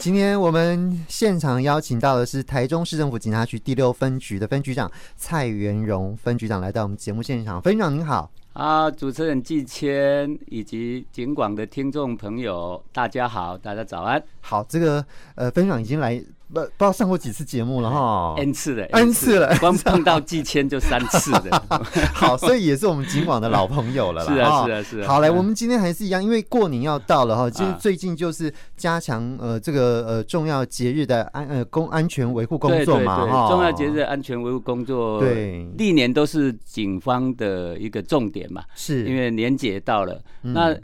今天我們現場邀請到的是台中市政府警察局第六分局的分局長蔡元戎分局長來到我們節目現場，分局長您好，啊主持人季謙以及警廣的聽眾朋友大家好，大家早安，好，這個呃分局長已經來。不不知道上過幾次節目了哈，N 次了，N 次了，N，次了，N 次了，光碰到季謙就三次了。 好，所以也是我們警網的老朋友了啦 是、啊哦。是啊，是啊，是啊。好來、啊、我們今天還是一樣，因為過年要到了哈，就最近就是加強呃這個呃重要節日的安呃公安全維護工作嘛，對對對哦、重要節日的安全維護工作對，歷年都是警方的一個重點嘛，是因為年節到了，嗯、那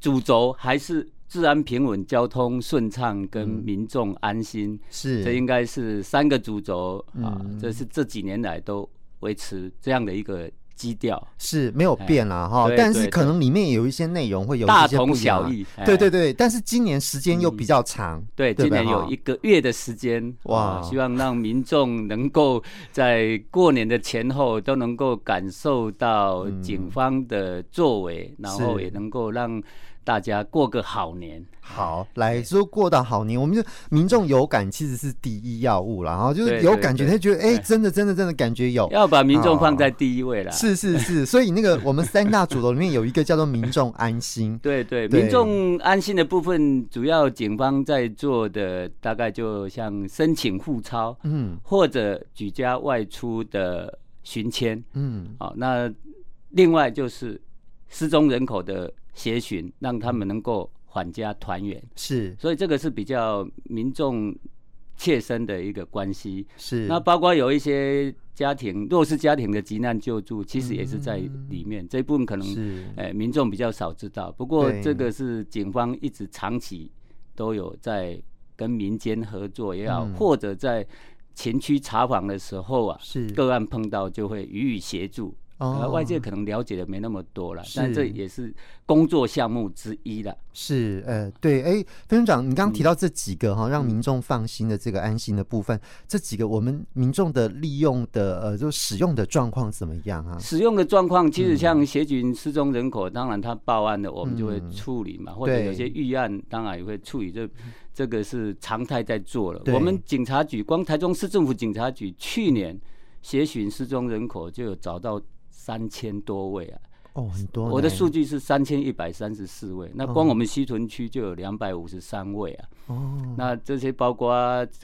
主軸還是。治安平穩、交通順暢、跟民眾安心，嗯、是這應該是三個主軸啊、嗯。這是這幾年來都維持這樣的一個基調，是沒有變啦哈、哎。但是可能裡面有一些內容會有一些不一樣、對對對對、大同小異，對對對、哎。但是今年時間又比較長，嗯、對、對，今年有一個月的時間哇、啊，希望讓民眾能夠在過年的前後都能夠感受到警方的作為，嗯、然後也能夠讓。大家過個好年，好來說，過到好年，我們就民眾有感其實是第一要務了，然後就是有感覺，他覺得哎、欸，真的真的真的，真的感覺有，要把民眾放在第一位了、哦。是是是，所以那個我們三大主軸裡面有一個叫做民眾安心。 對，對對，對民眾安心的部分，主要警方在做的大概就像申請護鈔，嗯，或者舉家外出的巡簽，嗯，好、哦，那另外就是。失蹤人口的協尋，讓他們能夠返家團圓，是，所以這個是比較民眾切身的一個關係。是，那包括有一些家庭弱勢家庭的急難救助，其實也是在裡面。嗯、這一部分可能，哎、欸，民眾比較少知道。不過這個是警方一直長期都有在跟民間合作也好，嗯、或者在勤區查訪的時候啊，是個案碰到就會予以協助。呃、外界可能了解的沒那麼多了，但這也是工作項目之一了。是，呃，對，哎，分局長，你剛剛提到這幾個哈，讓民眾放心的這個安心的部分，這幾個我們民眾的利用的呃，就使用的狀況怎麼樣啊？使用的狀況，其實像協尋失蹤人口，當然他報案的，我們就會處理嘛，或者有些預案，當然也會處理，這這個是常態在做了。我們警察局，光台中市政府警察局去年協尋失蹤人口就有找到三千多位啊！哦，很多。我的數據是三千一百三十四位。嗯。那光我們西屯區就有兩百五十三位啊！哦，那這些包括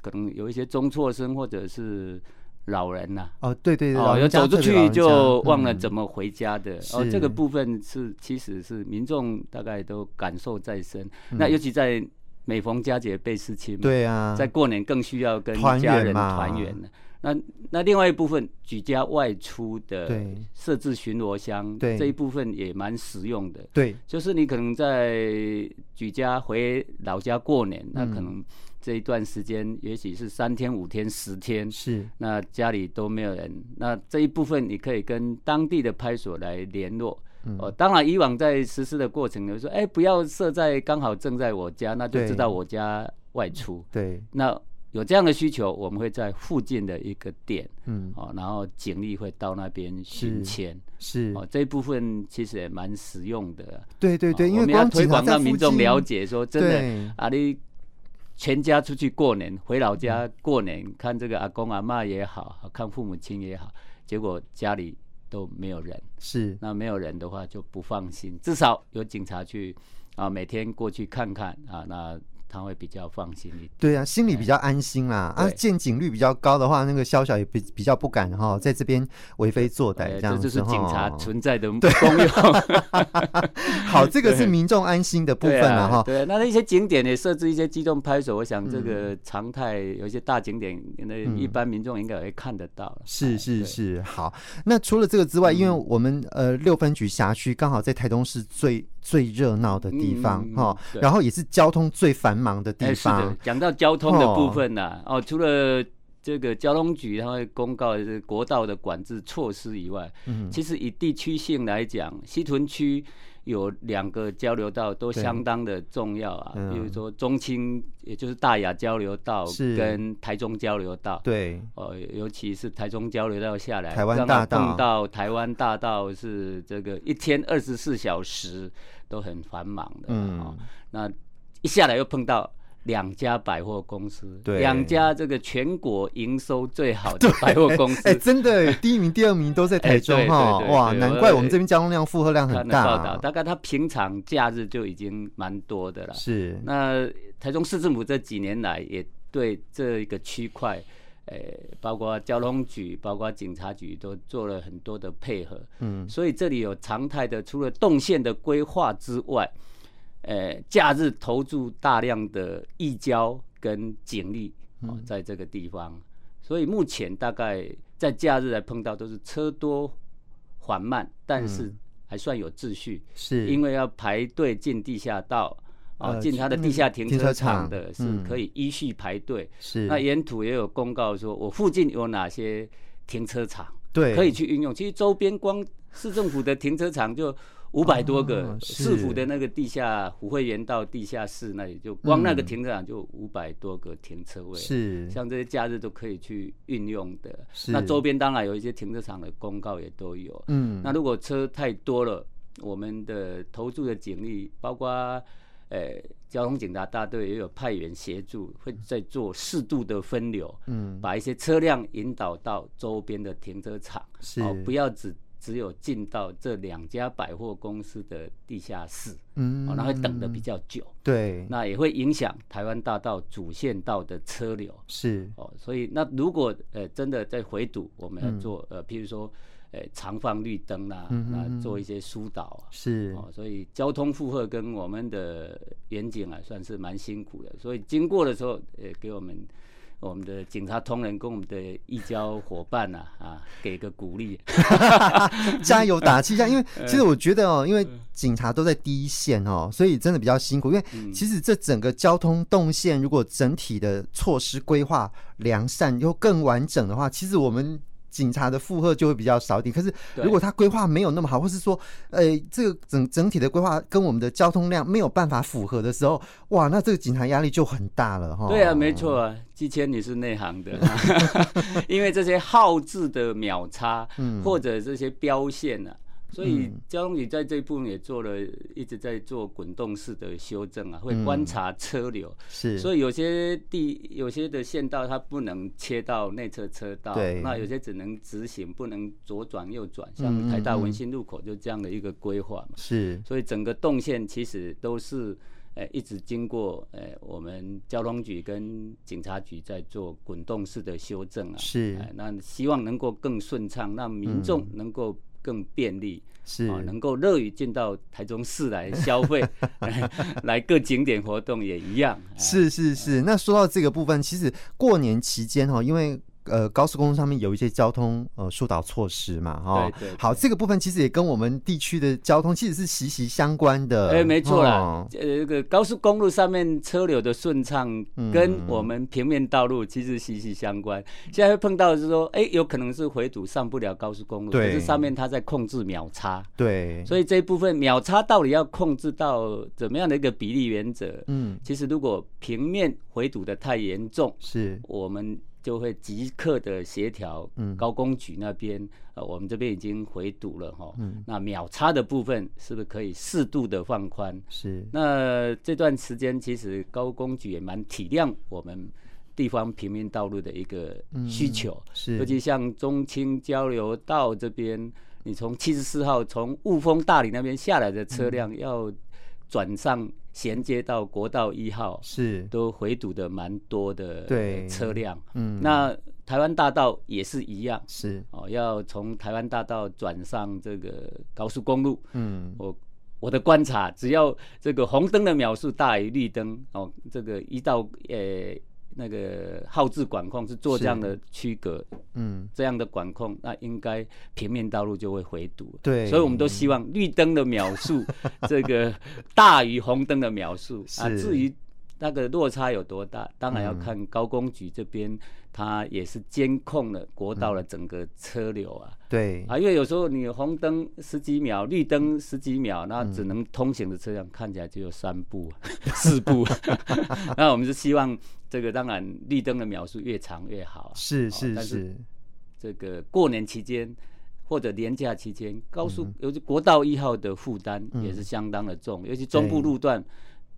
可能有一些中輟生或者是老人吶、啊。哦，對對對哦。哦，有走出去就忘了怎麼回家的。嗯嗯、哦，這個部分是其實是民眾大概都感受在身。嗯、那尤其在每逢佳節倍思親。對、嗯、啊。在過年更需要跟家人團圓呢。那那另外一部分舉家外出的設置巡邏箱，對對，這一部分也蠻實用的。對，就是你可能在舉家回老家過年、嗯，那可能這一段時間也許是三天五天十天，是那家裡都沒有人，那這一部分你可以跟當地的派出所來聯絡、嗯。哦，當然以往在實施的過程，比如說哎，不要設在剛好正在我家，那就知道我家外出。對，對那。有這樣的需求，我們會在附近的一個店，嗯，哦，然後警力會到那邊巡簽，是，是、哦，這一部分其實也蠻實用的。對對對，哦、因為我們要推廣讓民眾了解，說真的，阿、啊、你全家出去過年，回老家過年、嗯、看這個阿公阿媽也好，看父母親也好，結果家裡都沒有人，是，那沒有人的話就不放心，至少有警察去，啊，每天過去看看，啊，那。他會比較放心一點。對啊，心裡比較安心、哎、啊啊，見警率比較高的話，那個宵小，小也比比較不敢哈，在這邊為非作歹、啊。這樣，這就是警察存在的功用。哦、對 好，這個是民眾安心的部分了哈、啊。對，那一些景點也設置一些機動拍手、啊動拍手嗯，我想這個常態，有一些大景點那、嗯、一般民眾應該會看得到。是是是、哎，好。那除了這個之外，嗯、因為我們呃六分局轄區剛好在台中市最。最熱鬧的地方哈、嗯，然後也是交通最繁忙的地方。哎、是講到交通的部分呢、啊哦，哦，除了這個交通局他會公告的這國道的管制措施以外，嗯，其實以地區性來講，西屯區。有兩個交流道都相當的重要啊，嗯、比如說中青，也就是大雅交流道，跟台中交流道。對，哦，尤其是台中交流道下來，台灣大道碰到台灣大道是這個一天二十四小時都很繁忙的，哦嗯。那一下來又碰到。兩家百貨公司，兩家這個全國營收最好的百貨公司，哎、欸，真的， 第一名、第二名都在台中哈、欸，哇對對對，難怪我們這邊交通量負荷量很大、啊。大概他平常假日就已經蠻多的了。是，那台中市政府這幾年來也對這一個區塊、欸，包括交通局、包括警察局都做了很多的配合。嗯，所以這裡有常態的，除了動線的規劃之外。呃、哎，假日投注大量的義交跟警力，嗯、在這個地方，所以目前大概在假日來碰到都是車多緩慢，但是還算有秩序，是，嗯，因為要排隊進地下道進、啊、他的地下停車場的是可以依序排隊，是、嗯嗯。那沿途也有公告說，我附近有哪些停車場，對，可以去運用。其實周邊光市政府的停車場就。五百多個、啊、市府的那個地下府會園道地下室那裡，就光那個停車場就五百多個停車位，嗯、是像這些假日都可以去運用的。是那周邊當然有一些停車場的公告也都有。嗯，那如果車太多了，我們的投注的警力包括、呃、交通警察大隊也有派員協助，會在做適度的分流，嗯，把一些車輛引導到周邊的停車場，是哦，不要只。只有進到這兩家百貨公司的地下室，嗯，喔、那會等的比較久，對，那也會影響台灣大道主線道的車流，是哦、喔，所以那如果呃真的在回堵，我們要做、嗯、呃，譬如說呃長放綠燈啦、啊嗯嗯啊，做一些疏導、啊、是哦、喔，所以交通負荷跟我們的遠景啊，算是蠻辛苦的，所以經過的時候，欸、給我們。我們的警察同仁跟我們的義交夥伴啊,啊，給個鼓勵， 加油打氣一下。因為其實我覺得哦，因為警察都在第一線哦，所以真的比較辛苦。因為其實這整個交通動線，如果整體的措施規劃良善又更完整的話，其實我們。警察的負荷就會比較少點，可是如果他規劃沒有那麼好，或是說，呃、欸，這個整整體的規劃跟我們的交通量沒有辦法符合的時候，哇，那這個警察壓力就很大了哈。對啊，嗯、沒錯啊，季謙你是內行的、啊， 因為這些號誌的秒差，嗯，或者這些標線呢、啊。所以交通局在這一部分也做了，一直在做滾動式的修正啊、嗯，會觀察車流。是，所以有些地，有些的線道它不能切到內側車道，對，那有些只能直行，不能左轉右轉。像台大文心路口就這樣的一個規劃嘛、嗯。是，所以整個動線其實都是，哎、一直經過、哎、我們交通局跟警察局在做滾動式的修正啊。是，哎、那希望能夠更順暢，讓民眾能夠更便利，是，哦、能夠樂於進到台中市來消費、 哎，來各景點活動也一樣，、啊。是是是，那說到這個部分，其實過年期間哈、哦，因為。呃，高速公路上面有一些交通呃疏導措施嘛，哈、哦，對對對好，這個部分其實也跟我們地區的交通其實是息息相關的。哎、欸，沒錯啦，嗯、呃，這個高速公路上面車流的順暢跟我們平面道路其實息息相關。嗯、現在會碰到的是說，哎、欸，有可能是回堵上不了高速公路，可是上面它在控制秒差，對，所以這一部分秒差到底要控制到怎麼樣的一個比例原則？嗯，其實如果平面回堵的太嚴重，是我們。就會即刻的協調，高公局那邊，嗯、呃，我們這邊已經回堵了哈，嗯，那秒差的部分是不是可以適度的放寬？是，那這段時間其實高公局也蠻體諒我們地方平面道路的一個需求，嗯、是，尤其像中清交流道這邊，你從七十四號從霧峰大里那邊下來的車輛要。轉上銜接到國道一號，是都回堵的蠻多的車輛。對，嗯，那台灣大道也是一樣，是哦，要從台灣大道轉上這個高速公路。嗯，我我的觀察，只要這個紅燈的秒數大於綠燈，哦，這個一到、欸那個號誌管控是做這樣的區隔，嗯，這樣的管控，那應該平面道路就會回堵，對，所以我們都希望綠燈的秒數、嗯、這個大於紅燈的秒數 啊。至於。那個落差有多大？當然要看高公局這邊、嗯，它也是監控了國道的整個車流啊。嗯、對啊，因為有時候你紅燈十幾秒，綠燈十幾秒，那只能通行的車輛、嗯、看起來就有三部、嗯、四部。 那我們是希望這個當然綠燈的秒數越長越好、啊。是是是。哦、但是這個過年期間或者年假期間，高速、嗯、尤其國道一號的負擔也是相當的重，嗯、尤其中部路段。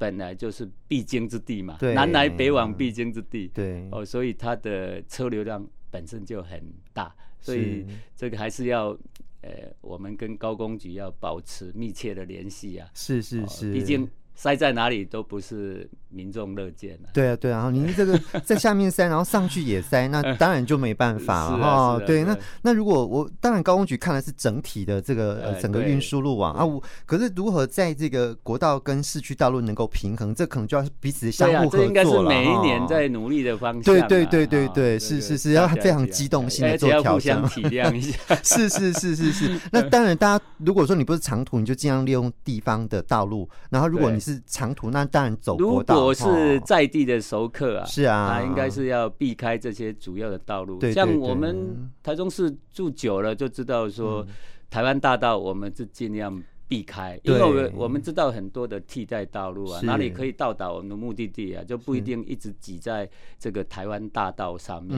本來就是必經之地嘛，南來北往必經之地，對哦，所以它的車流量本身就很大，所以這個還是要，是呃，我們跟高工局要保持密切的聯繫啊，是是是，畢、哦、竟塞在哪裡都不是。民眾樂見，對啊，對啊，您、啊啊啊、 這個在下面塞，然後上去也塞，那當然就沒辦法了哈。對，對，那那如果我當然，高公局看來是整體的這個整個運輸路網啊，啊、可是如何在這個國道跟市區道路能夠平衡，這可能就要彼此相互合作了。啊、應該是每一年在努力的方向、啊。哦、對對對對對，對，哦、是是是要、啊、非常機動性的對對對做調整，體諒一下。 是是是是是，是， 那當然，大家如果說你不是長途，你就盡量利用地方的道路；然後如果你是長途，那當然走國道。我是在地的熟客啊，是啊，他、啊、應該是要避開這些主要的道路。對對對，像我們台中市住久了，就知道說台灣大道，我們就儘量避開，嗯、因為我們，我們知道很多的替代道路啊，哪裡可以到達我們的目的地啊，就不一定一直擠在這個台灣大道上面。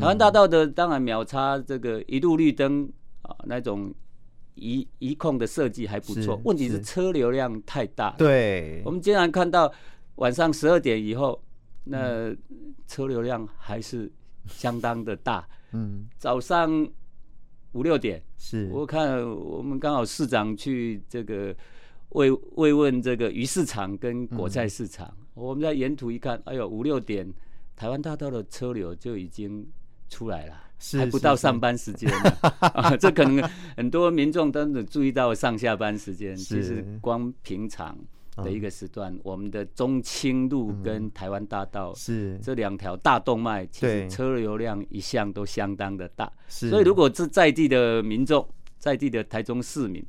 台灣大道的當然秒差這個一路綠燈啊，那種一一控的設計還不錯，問題是車流量太大。對，我們經常看到。晚上十二點以後，那車流量還是相當的大。嗯，早上五六點，是我看我們剛好市長去這個慰慰問這個魚市場跟果菜市場，嗯、我們在沿途一看，哎呦，五六點台灣大道的車流就已經出來了，是是是，還不到上班時間、 啊、這可能很多民眾都注意到上下班時間，其實光平常。的一個時段、嗯，我們的中清路跟台灣大道、嗯、是這兩條大動脈，其實車流量一向都相當的大，是。所以如果是在地的民眾，在地的台中市民，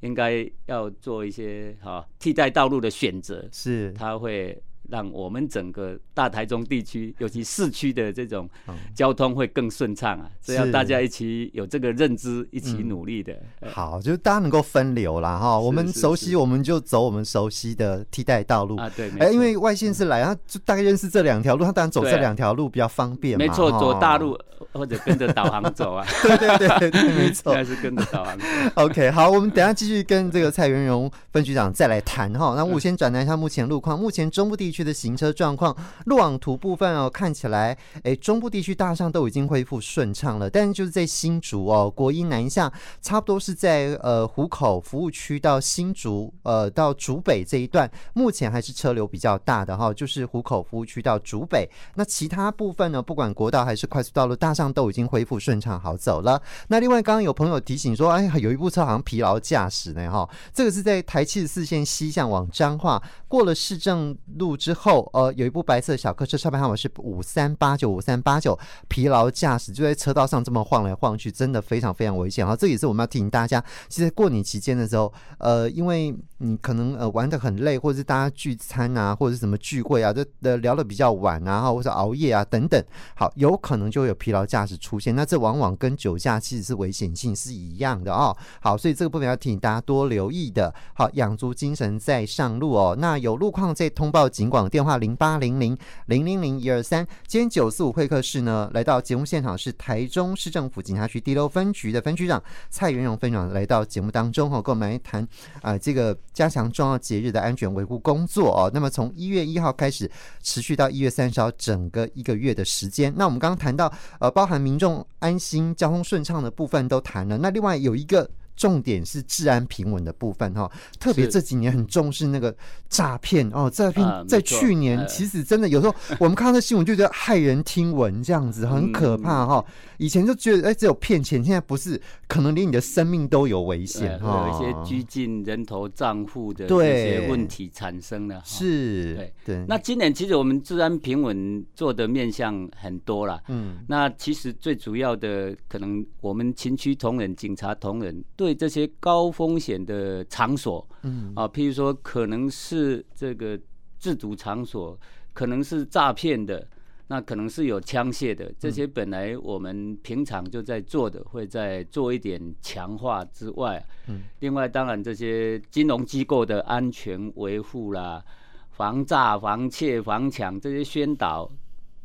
應該要做一些哈、啊、替代道路的選擇，是。嗯、他會。讓我們整個大台中地區，尤其市區的這種交通會更順暢啊！這要大家一起有這個認知，一起努力的。嗯、好，就大家能夠分流了哈。我們熟悉，我們就走我們熟悉的替代道路啊。對，哎、欸，因為外線是來，嗯、他就大概認識這兩條路，他當然走這兩條路比較方便嘛、啊。沒錯、哦，走大路或者跟着導航走啊。 對對對，對沒，沒錯，還是跟着導航。OK，好，我們等一下繼續跟這個蔡元戎分局長再來談哈。 那我先轉達一下目前路況，目前中部地區。區的行車狀況，路網圖部分哦，看起來，哎，中部地區大上都已經恢復順暢了。但是就是在新竹哦，國一南下，差不多是在呃湖口服務區到新竹呃到竹北這一段，目前還是車流比較大的哈、哦，就是湖口服務區到竹北。那其他部分呢，不管國道還是快速道路，大上都已經恢復順暢好走了。那另外，剛剛有朋友提醒說，哎，有一部車好像疲勞駕駛呢哈、哦，這個是在台七十四線西向往彰化，過了市政路。之後，呃，有一部白色小客車，車牌號碼是五三八九五三八九，疲勞駕駛就在車道上這麼晃來晃去，真的非常非常危險啊，哦！這也是我們要提醒大家，其實過年期間的時候，呃，因為你可能呃玩的很累，或者大家聚餐啊，或者是什麼聚會啊，就的聊的比較晚啊，或者是熬夜啊等等，好，有可能就會有疲勞駕駛出現，那這往往跟酒駕其實是危險性是一樣的哦。好，所以這個部分要提醒大家多留意的。好，養足精神再上路哦。那有路況在通報，儘管。電話零八零零零零零一二三，今天九四五會客室呢，來到節目現場是台中市政府警察局第六分局的分局長蔡元戎分長來到節目當中哈、哦，跟我們來談啊、呃、這個加強重要節日的安全維護工作哦。那麼從一月一號開始，持續到一月三十號，整個一個月的時間。那我們剛剛談到呃，包含民眾安心、交通順暢的部分都談了，那另外有一個。重點是治安平穩的部分哈，特別這幾年很重視那個詐騙哦，詐騙在去年、啊、其實真的有時候我們看到新聞就覺得駭人聽聞，這樣子 很可怕哈。以前就覺得哎、欸、只有騙錢，現在不是，可能連你的生命都有危險哈、哦，一些拘禁人頭賬戶的這些問題產生了。是對、對、對、對，那今年其實我們治安平穩做的面向很多了，嗯，那其實最主要的可能我們勤區同仁、警察同仁，對這些高風險的場所，嗯啊，譬如說可能是這個製毒場所，可能是詐騙的，那可能是有槍械的，這些本來我們平常就在做的，會再做一點強化之外，嗯，另外當然這些金融機構的安全維護啦，防詐、防竊、防搶這些宣導，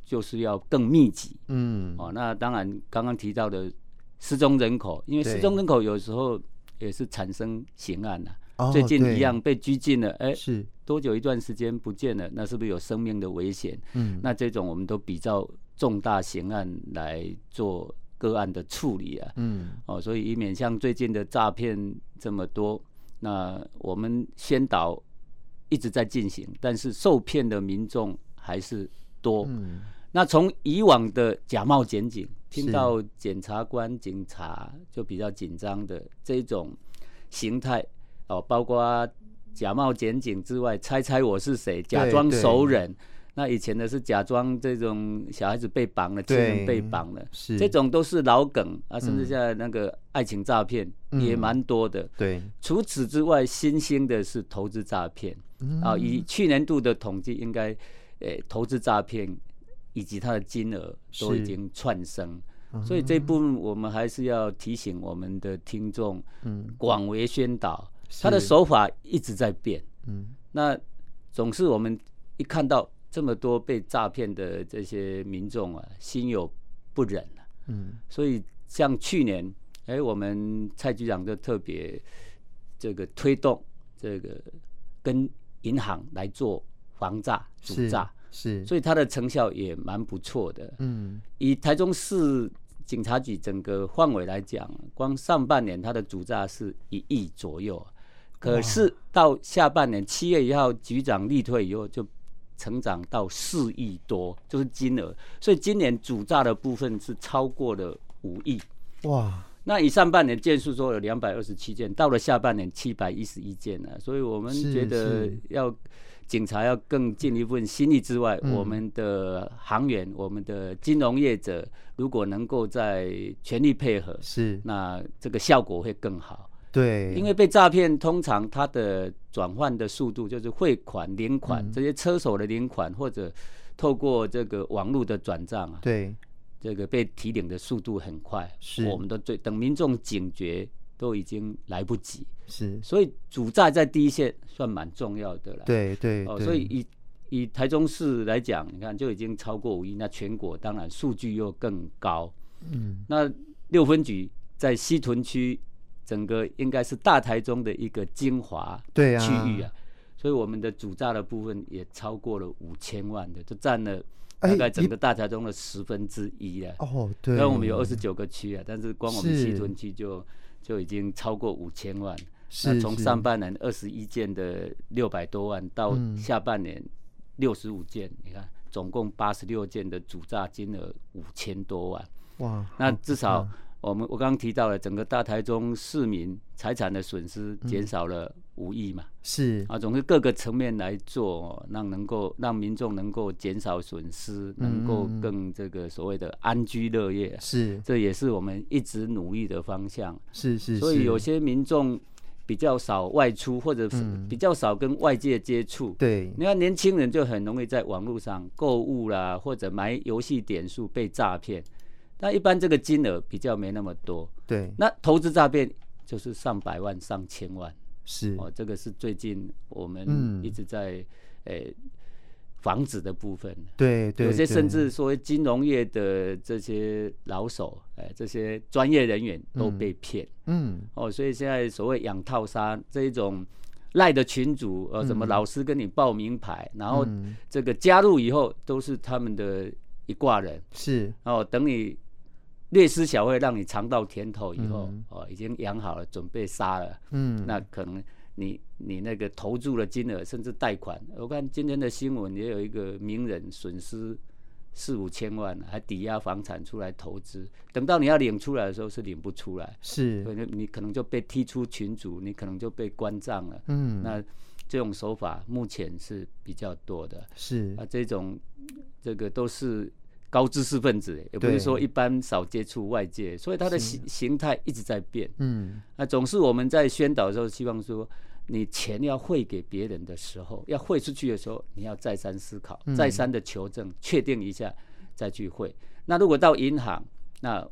就是要更密集，嗯，哦、啊，那當然剛剛提到的。失蹤人口，因為失蹤人口有時候也是產生刑案吶、啊。最近一樣被拘禁了，哎、哦欸，是多久一段時間不見了？那是不是有生命的危險？嗯，那這種我們都比照重大刑案來做個案的處理啊。嗯，哦，所以以免像最近的詐騙這麼多，那我們宣導一直在進行，但是受騙的民眾還是多。嗯、那從以往的假冒檢警。聽到檢察官、警察就比較緊張的這種形態哦，包括假冒檢警之外，猜猜我是誰，假裝熟人，對對對。那以前呢是假裝這種小孩子被綁了，親人被綁了，這種都是老梗啊。甚至在那個愛情詐騙、嗯、也蠻多的。對、嗯，除此之外，新興的是投資詐騙啊。以去年度的統計，應該、欸、投資詐騙。以及他的金額都已經竄升，嗯嗯，所以這一部分我們還是要提醒我們的聽眾，廣為宣導、嗯。他的手法一直在變，嗯，那總是我們一看到這麼多被詐騙的這些民眾啊，心有不忍、啊、嗯，所以像去年，哎、欸，我們蔡局長就特別這個推動這個跟銀行來做防詐阻詐。是，所以他的成效也蠻不錯的。嗯，以台中市警察局整個範圍來講，光上半年他的阻詐是一億左右，可是到下半年七月一號局長力退以後，就成長到四億多，就是金額。所以今年阻詐的部分是超過了五億。哇！那以上半年件數說有兩百二十七件，到了下半年七百一十一件，啊、所以我們覺得要警察要更盡一份心意之外，是是我們的行員、嗯、我們的金融業者如果能夠在全力配合，是那這個效果會更好。對，因為被詐騙通常它的轉換的速度就是匯款、領款、嗯、這些車手的領款或者透過這個網絡的轉賬啊，對。這個被提領的速度很快，是我們的最等民眾警覺都已經來不及，是所以阻詐在第一線算蠻重要的了，對對,對哦，所以以以台中市來講，你看就已經超過五億，那全國當然數據又更高，嗯，那六分局在西屯區，整個應該是大台中的一個精華對區域啊,對啊，所以我們的阻詐的部分也超過了五千萬的，就占了。大概整個大台中的十分之一啊。哦，對。那我們有二十九個區啊，但是光我們西屯區就就已經超過五千萬。是。那從上半年二十一件的六百多萬到下半年六十五件，嗯，你看總共八十六件的阻詐金額五千多萬。哇。那至少我們我剛剛提到了整個大台中市民財產的損失減少了。無意嘛，是啊，總是各個層面來做，哦，讓能夠讓民眾能夠減少損失，能夠更這個所謂的安居樂業，是，這也是我們一直努力的方向。是是，所以有些民眾比較少外出，或者比較少跟外界接觸。對，你看年輕人就很容易在網絡上購物啦，或者買遊戲點數被詐騙。但一般這個金額比較沒那麼多，對。那投資詐騙就是上百萬、上千萬。是哦，這個是最近我們一直在誒防止的部分。對對，有些甚至所謂金融業的這些老手，哎、呃，這些專業人員都被騙，嗯。嗯，哦，所以現在所謂養套殺這一種賴的群組，呃，什麼老師跟你報名牌、嗯，然後這個加入以後都是他們的一掛人。是哦，等你。略施小惠，讓你嘗到甜頭以後、嗯，哦，已經養好了，準備殺了。嗯，那可能你你那個投入的金額，甚至貸款，我看今天的新聞也有一個名人損失四五千萬，還抵押房產出來投資。等到你要領出來的時候，是領不出來，是，所以你可能就被踢出群組，你可能就被關賬了。嗯，那這種手法目前是比較多的。是啊，這種這個都是。高知識分子也不是說一般少接觸外界，所以他的形形態一直在變。嗯，那，總是我們在宣導的時候，希望說你錢要匯給別人的時候，要匯出去的時候，你要再三思考，嗯、再三的求證，確定一下再去匯。那如果到銀行，那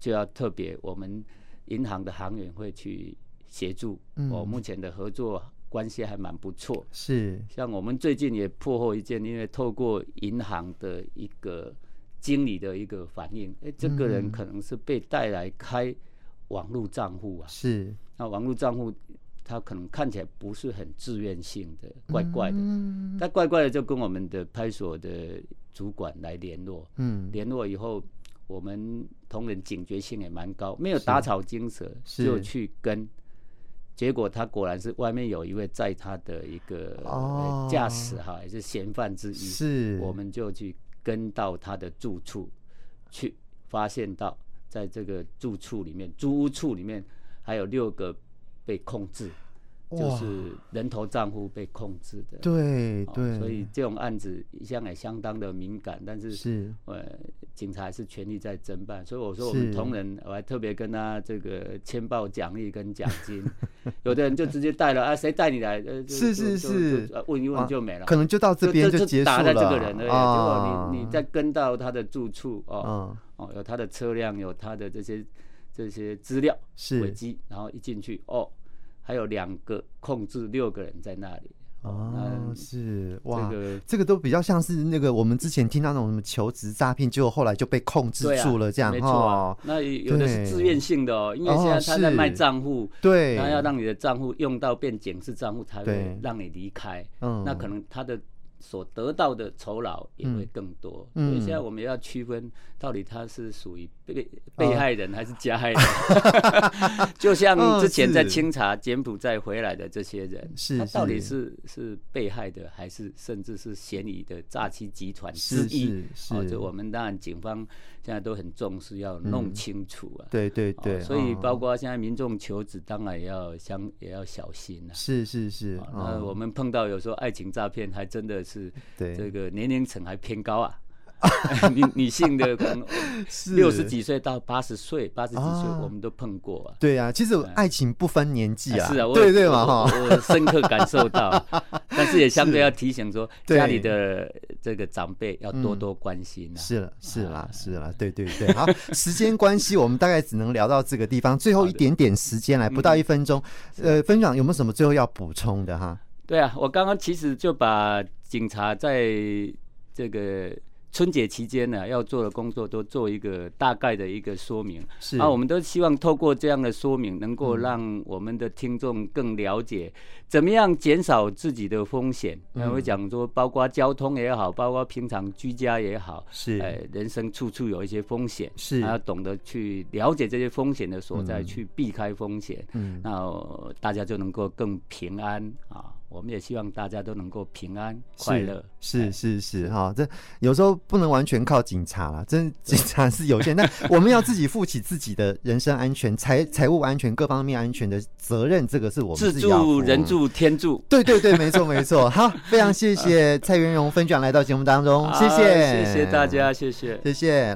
就要特別我們銀行的行員會去協助。嗯，我、哦、目前的合作關係還蠻不錯。是，像我們最近也破獲一件，因為透過銀行的一個。經理的一個反應，哎、欸，這個人可能是被帶來開網絡賬戶啊、嗯。是，那網絡賬戶他可能看起來不是很自願性的，怪怪的。但、嗯、怪怪的就跟我們的派出所的主管來聯絡。嗯，聯絡以後，我們同仁警覺性也蠻高，沒有打草驚蛇，就去跟。結果他果然是外面有一位在他的一個駕駛哈，也是嫌犯之一。是，我們就去。跟到他的住處去，發現到在這個住處裡面、租屋處裡面，還有六個被控制。就是人頭賬戶被控制的，對對、哦，所以這種案子一向也相當的敏感，但是是呃，警察是全力在偵辦，所以我說我們同仁，我還特別跟他這個簽報獎勵跟獎金， 有的人就直接帶了啊，誰帶你來？呃、是是是，問一問就沒了、啊，可能就到這邊就結束了。就打在這個人而已，啊，結果你你再跟到他的住處，哦、啊、哦，有他的車輛，有他的這些這些資料，是軌跡，然後一進去，哦。還有兩個控制六個人在那裡哦，是這個是哇這個都比較像是那個我們之前聽到那種什麼求職詐騙，結果後來就被控制住了這樣哈、啊啊哦。那有的是自願性的哦，因為現在他在賣賬戶，對、哦，他要讓你的賬戶用到變警示賬戶，才會讓你離開。嗯，那可能他的。所得到的酬勞也會更多，嗯。所，嗯、以現在我們要區分，到底他是屬於被被害人還是加害人？哦、 就像之前在清查柬埔寨回來的這些人，哦、他到底是是被害的，還是甚至是嫌疑的詐欺集團之一，哦？就我們當然警方。現在都很重視，要弄清楚啊。嗯、對對對、哦，所以包括現在民眾求子，當然也要相也要小心啊。是是是，哦嗯、我們碰到有時候愛情詐騙，還真的是這個年齡層還偏高啊。女 女性的，可能六十幾歲到八十歲，八十幾歲我們都碰過啊，啊。對啊，其實愛情不分年紀啊，啊。是啊，對對嘛，我深刻感受到， 但是也相對要提醒說，家裡的這個長輩要多多關心啊。是、嗯、是了，是啦、啊，是啦，對對對。好， 時間關係，我們大概只能聊到這個地方，最後一點點時間來，不到一分鐘、嗯。呃，分享有沒有什麼最後要補充的哈？對啊，我剛剛其實就把警察在這個。春節期間呢，啊，要做的工作都做一個大概的一個說明。是啊，那我們都希望透過這樣的說明，能夠讓我們的聽眾更了解怎麼樣減少自己的風險。嗯，那我講說，包括交通也好，包括平常居家也好，是，哎，人生處處有一些風險，是，要懂得去了解這些風險的所在，嗯，去避開風險。嗯，那大家就能夠更平安啊。我們也希望大家都能夠平安快樂，是是是哈、哦。這有時候不能完全靠警察啦，真警察是有限，但我們要自己負起自己的人身安全、財 財務安全、各方面安全的責任，這個是我們自己自助人助天助，對對對，沒錯沒錯。 好，非常謝謝蔡元戎分享來到節目當中， 謝謝謝謝大家，謝謝謝謝。